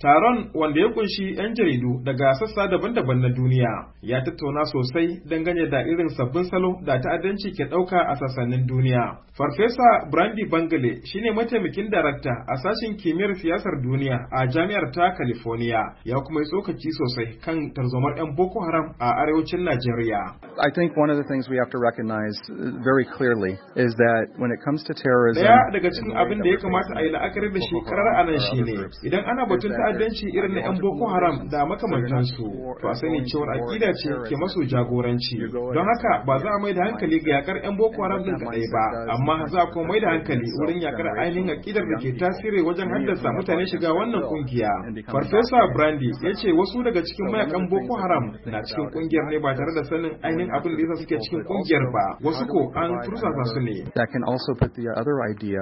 Taron wanda ya kunshi 'yan jaridu daga sassa daban-daban na duniya ya tattauna sosai dangane da irin sabbin salo da ta'addanci ke ɗauka a sassanin duniya. Farfesa Brandy Bangale shine mataimakin darakta a sashen kimiyyar siyasar duniya a jami'ar ta California ya kuma yi tsokaci sosai kan tarzomar 'yan Boko Haram a arewacin Najeriya. I think one of the things we have to recognize uh, very clearly is that when it comes to terrorism. Daya daga cikin abin da ya kamata a yi la'akari da shi anan shine idan ana batun ta'addanci irin na 'yan Boko Haram da makamantansu to a sani cewar aƙida ce ke maso jagoranci don haka ba za a mai da hankali ga yakar 'yan Boko Haram din kaɗai ba amma za a kuma mai da hankali wurin yakar ainihin aƙidar da ke tasiri wajen haddasa mutane shiga wannan kungiya. Farfesa Brandy ya ce wasu daga cikin mayakan Boko Haram na cikin ƙungiyar ne ba tare da sanin ainihin abin da ya suke cikin ƙungiyar ba wasu ko an tursasa su ne.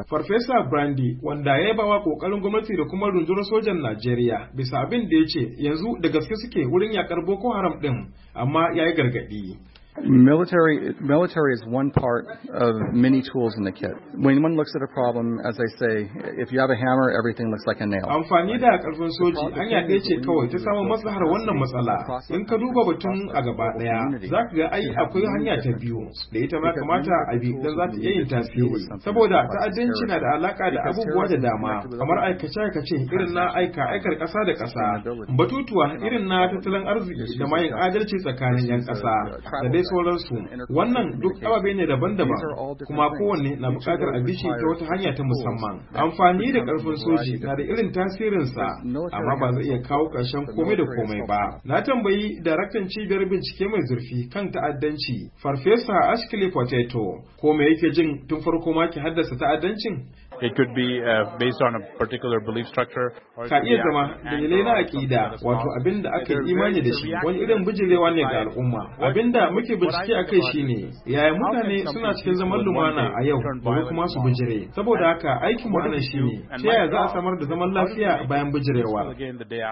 Farfesa Brandy wanda ya yaba wa kokarin gwamnati da kuma rundunar sojan Najeriya Najeriya bisa abin da ya ce yanzu da gaske suke wurin yakar Boko Haram ɗin amma ya yi gargaɗi. Military, military is one part of many tools in the kit. When one looks at a problem, as I say, if you have a hammer, everything looks like a nail. Amfani da ƙarfin soji hanya ɗaya ce kawai ta samun maslahar wannan matsala. In ka duba batun a gaba ɗaya, za ka ga ai akwai hanya ta biyu da ita ma kamata a bi don za ta iya yin tasiri. Saboda ta'addanci na da alaƙa da abubuwa da dama, kamar aikace-aikace irin na aika aikar ƙasa da ƙasa, batutuwa irin na tattalin arziki da mayin adalci tsakanin 'yan ƙasa, da dai sauransu wannan duk ababe ne daban-daban kuma kowanne na bukatar a bishe ta wata hanya ta musamman amfani da ƙarfin soji na da irin tasirinsa amma ba zai iya kawo ƙarshen komai da komai ba na tambayi daraktan cibiyar bincike mai zurfi kan ta'addanci farfesa ashkili potato ko me yake jin tun farko ma ki haddasa ta'addancin It could be uh, based on a particular belief structure. Ka iya zama dalilai na aƙida wato abin da aka yi imani da shi wani irin bijirewa ne ga al'umma. Abin da muke bincike a kai shi ne yaya mutane suna cikin zaman lumana a yau bari kuma su bijire. Saboda haka aikin mu anan shi ne ta yaya za a samar da zaman lafiya bayan bijirewa.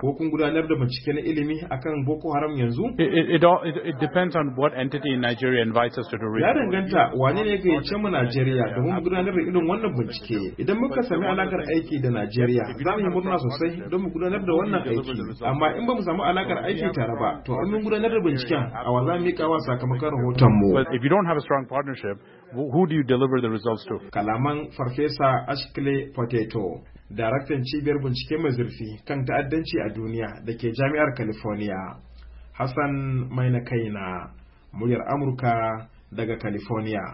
Ko kun gudanar da bincike na ilimi akan Boko Haram yanzu? It depends on what entity in Nigeria invites us to do. Ya danganta wane ne ya gayyace mu Najeriya domin gudanar da irin wannan bincike. idan muka sami alakar aiki da Najeriya za mu yi murna sosai don mu gudanar da wannan aiki amma in ba mu samu alakar aiki tare ba to an mun gudanar da binciken a wa za mu kawa sakamakon rahoton mu if you don't have a strong partnership who do you deliver the results to kalaman farfesa Ashkle Potato daraktan cibiyar bincike mai zurfi kan ta'addanci a duniya da ke jami'ar California Hassan Maina Kaina muryar Amurka daga California